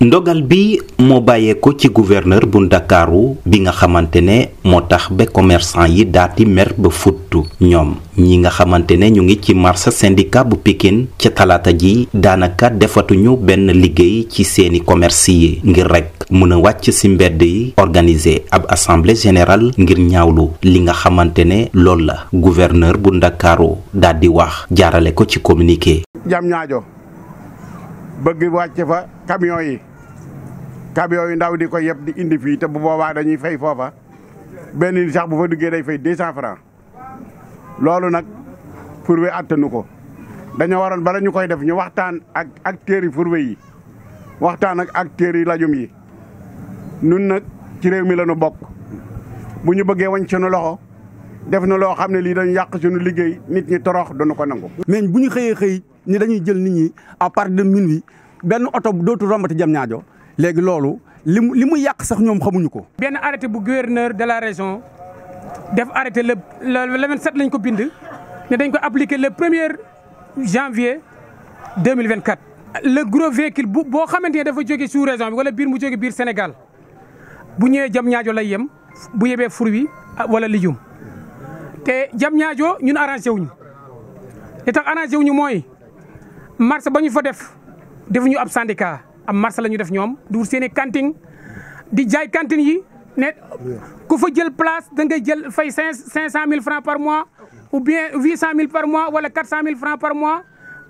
ndogal bi moo bàyyeeko ci gouverneur bu ndakaaru bi nga xamante ne moo tax ba commerçant yi daati mer ba futtu ñoom ñi nga xamante ne ñu ngi ci marché syndicat bu Pikine ca talaata ji daanaka defatuñu benn liggéey ci seeni commerce yi ngir rekk mën a wàcc ci mbedd yi organiser ab assemblée générale ngir ñawlu li nga xamante ne loolu la gouverneur bu ndakaaru daal di wax jaarale ko ci communiqué. jam ñaajo camion yu ndaw di ko yëpp di indi fii te bu boobaa dañuy fay foofa benn nit sax bu fa duggee day fay deux cent loolu nag fourwe attanu ko dañoo waroon bala ñu koy def ñu waxtaan ak acteurs yi fourwe yi waxtaan ak acteurs yi lajum yi nun nag ci réew mi la ñu bokk bu ñu bëggee wañ sunu loxo def na loo xam ne lii dañu yàq suñu liggéey nit ñi torox dañu ko nangu. mais bu ñu xëyee xëy ñi dañuy jël nit ñi à partir de minuit benn oto dootu rombati jam ñaajo léegi loolu li mu li mu yàq sax ñoom xamuñu ko. benn arrêté bu gouverneur de la région def arrêté le le 27 lañ ko bind ne dañ ko appliqué le premier janvier 2024. le gros véhicule boo xamante ne dafa jóge sous région bi wala biir mu jóge biir Sénégal bu ñëwee jam ñaajo lay yem bu yebee fruit wala lijum te jam ñaajo ñun arrangé wuñu li tax arrangé wuñu mooy marché ba ñu fa def defuñu ab syndicat. am marché la ñu def ñoom di wut seen i cantine di jaay cantine yi ne ku fa jël place da ngay jël fay cinq cinq cent mille francs par mois ou bien huit mille par mois wala quatre cent mille francs par mois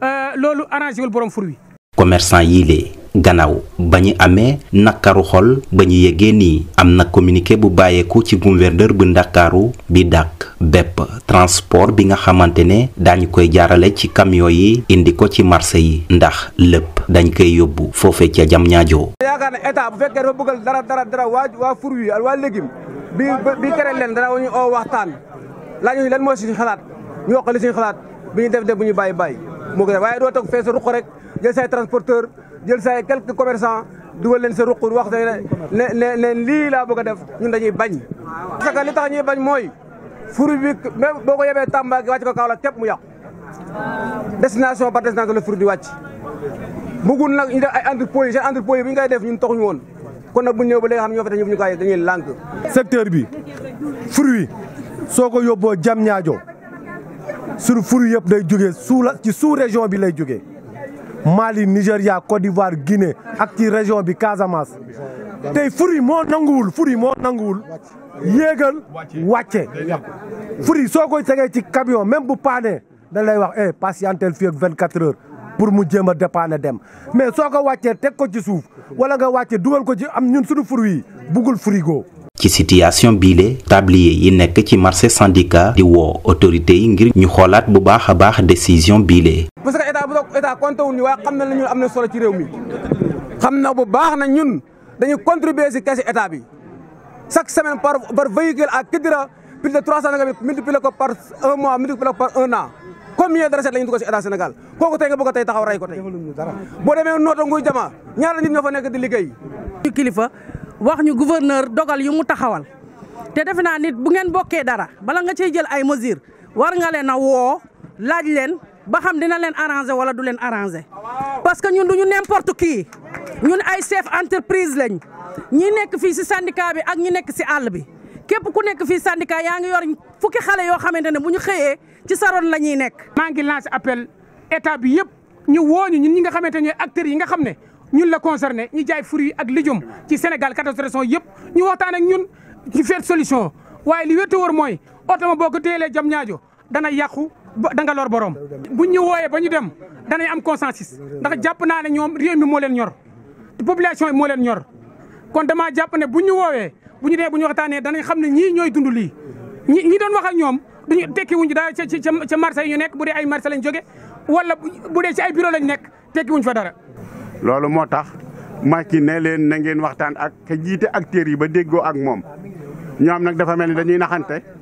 euh, loolu arrangé wul borom fur wi commerçant yii lee gannaaw ba ñu amee nakaru xol ba ñu yëgee nii am na communiqué bu bàyyeeku ci gouverneur bu ndakaaru bi dàq bépp transport bi nga xamante ne daañu koy jaarale ci camion yi indi ko ci marché yi ndax lépp dañ koy yóbbu foofee ca jam ñaajoo yaakaar ne état bu fekkee dafa bëggal dara dara dara waa waa fruits yi ak waa légumes bi bi kere leen dara ñu oo waxtaan laa ñu lan mooy suñu xalaat ñu wax li suñu xalaat bi ñu def def bu ñu bàyyi bàyyi moo ko waaye doo toog fee sa ruq rek jël say transporteur jël say quelques commerçants dugal leen sa ruq wax ne ne ne lii laa bëgg a def furu bi même boo ko yebee Tamba gi wàcc ko Kaolack képp mu yàqu destination par destination la furu di wàcc bëggul nag ñu def ay entrepôt yi seen entrepôt yi bu ñu koy def ñun taxuñu woon kon nag bu ñëw ba léegi xam ñoo fa tax ñu koy dañuy lànk secteur bi fruit soo ko yóbboo jam ñaajo sur fruit yëpp day jógee sous ci sous région bi lay jóge Mali Nigéria Côte d'Ivoire Guinée ak ci région bi Casamance tey furi moo nanguwul furi moo nanguwul yéegal wàcce furi soo koy tegee ci camion même bu paanee dañ lay wax eh patientel fii ak 24 heures pour mu jéem a dépanner dem mais soo ko wàccee teg ko ci suuf wala nga wàcce dugal ko ci am ñun suñu furi yi buggul frigo ci situation biile tablier yi nekk ci marché syndicat di woo autorité yi ngir ñu xoolaat bu baax a baax décision biile. parce que état bu wu ñu waaye xam na ne ñun am ne solo ci réew mi xam na bu baax na ñun. dañuy contribuer si caisse état bi chaque semaine par par véhicule à Kidira plus de 350 multiplié ko par un mois multiplié ko par un an combien de recettes la ñu dugal si état Sénégal kooku tey nga bëgg a tey taxaw rey ko tey. boo demee Notto Nguy Jama ñaar nit ñoo fa nekk di liggéey. kilifa wax ñu gouverneur dogal yu mu taxawal te defe naa nit bu ngeen bokkee dara bala nga cey jël ay masir war nga leen a woo laaj leen ba xam dina leen arranger wala du leen arranger. parce que ñun du ñu n'importe qui ñun ay chef entreprise lañ ñi nekk fii si syndicat bi ak ñi nekk si àll bi képp ku nekk fii syndicat yaa ngi yor fukki xale yoo xamante ne bu ñu xëyee ci saroon la ñuy nekk. maa ngi lancé appel état bi yëpp ñu wooñu ñun ñi nga xamante ñooy acteurs yi nga xam ne ñun la concerné ñi jaay fruits ak légumes ci Sénégal 14 régions yëpp ñu waxtaan ak ñun ñu feet solution waaye li wétu wër mooy oto ma boo ko teelee jam ñaajo dana yàqu. da nga lor borom. buñ ñu wooyee ba ñu dem danañ am consensus ndax jàpp naa ne ñoom réew mi moo leen ñor population yi moo leen ñor kon damaa jàpp ne bu ñu woowee bu ñu dee bu ñu waxtaanee danañ xam ne ñii ñooy dund lii ñi ñi doon wax ak ñoom duñu tekki wuñ daal ca ca ca marché yi ñu nekk bu dee ay marché lañ jóge wala bu dee ci ay bureau lañ nekk tekki wuñ fa dara. loolu moo tax kii ne leen na ngeen waxtaan ak ka ak acteurs yi ba déggoo ak moom ñoom nag dafa mel ni dañuy naxante.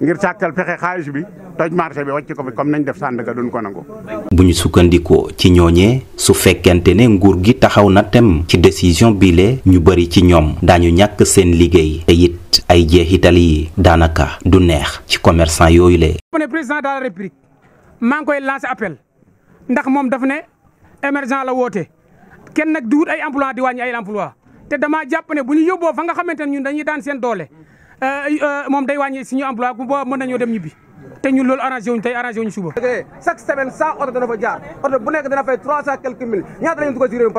ngir sàkkal pexe xaalis bi toj marché bi wàcc ko fi comme nañ def sànd Sandaga duñ ko nangu. bu ñu sukkandikoo ci ñooñee su fekkente ne nguur gi taxaw na tem ci décision le ñu bëri ci ñoom daañu ñàkk seen liggéey te it ay jeexital yi daanaka du neex ci commerçant yooyu le. ne président de la république maa ngi koy lancer appel ndax moom daf ne émergent la woote kenn nag di ay emploi di wàññi ay emploi te damaa jàpp ne bu ñu yóbboo fa nga xamante ne ñun dañuy daan seen doole. Euh, euh, moom day wàññi suñu emploi bu boobaa mën nañoo dem ñibbi te ñun loolu arrangé wuñ tey arrangé wuñ suba. chaque semaine cent oto dana fa jaar oto bu nekk dana fay trois cent quelques mille ñaata la ñu dugal ci réew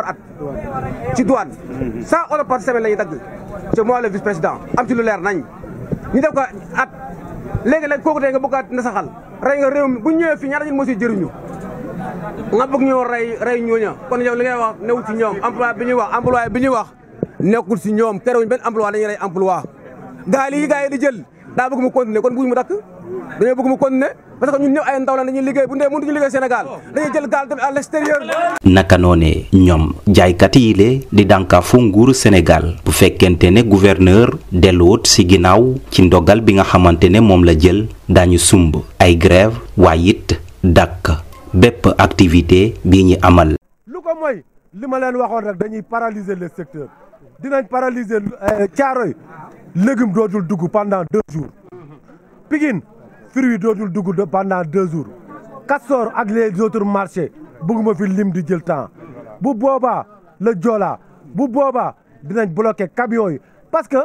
mi le président am ci lu leer nañ ñu def ko at léegi nag kooku nga bëgg a nasaxal rey nga réew mi bu ñëwee fii ñaata ñun moo siy jëriñu nga bëgg ñoo rey rey ñooña kon yow li ngay wax newul ci ñoom emploi bi ñuy wax emploi bi ñuy wax nekkul ci ñoom terewuñ benn emploi dañuy rey emploi gaal yi gars yi di jël daa bëgg mu continuer kon buñ mu dakk dañoo bëgg mu continuer parce que ñun ñëpp ay ndaw la dañuy liggéey bu ndee mënuñu liggéey Sénégal dañuy jël gaal dem à l'extérieur naka noonee ñoom jaaykat yi le di dànkaafu nguuru Sénégal bu fekkente ne gouverneur delloot si ginnaaw ci ndogal bi nga xamante ne moom la jël daañu sumb ay grève waaye it dakk bépp activité bii ñu amal lu ko mooy li ma leen waxoon rek dañuy paralyser le secteur dinañ paralyser Thiaroye euh, légume dootul dugg pendant deux jours Pikine fruit dootul dugg pendant deux jours Castor ak les autres marchés bëgguma fi lim di jël temps bu boobaa la Joola bu boobaa dinañ bloqué camions yi parce que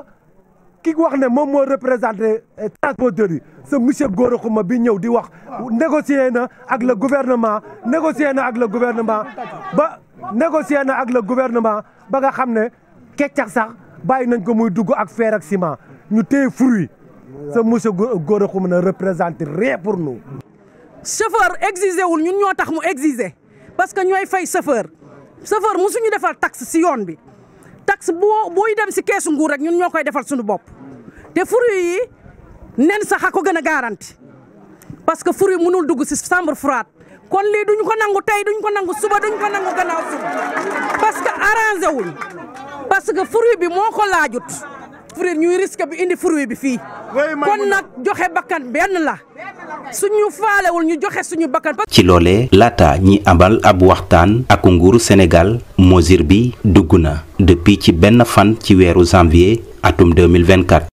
ki wax ne moom moo représenté eh, transporteurs yi sa monsieur Gora Khouma bi ñëw di wax négocier na ak le gouvernement négocier na ak le gouvernement ba négocier na ak le gouvernement ba nga xam ne keccax sax bàyyi nañ ko muy dugg ak feer ak ciment ñu téye fruit sa monsieur Gora Xuma représente rien pour nous. chauffeur exigé wul ñun ñoo tax mu exigé parce que ñooy fay chauffeur chauffeur musuñu defal taxe si yoon bi taxe boo booy dem si keesu nguur rek ñun ñoo koy defal suñu bopp te fruit yi nen sax a ko gën a garanti parce que fruit mënul dugg si chambre furaat kon lii duñu ko nangu tey duñ ko nangu suba duñ ko nangu gannaaw suba parce que arrangé parce que fruit bi bi indi fruit bi fii kon nag joxe bakkan benn la suñu faalewul ñu joxe suñu bakkan ci loole laata ñi abal ab waxtaan ak nguuru senegal mesure bi dugg na depuis ci benn fan ci weeru janvier atum 2024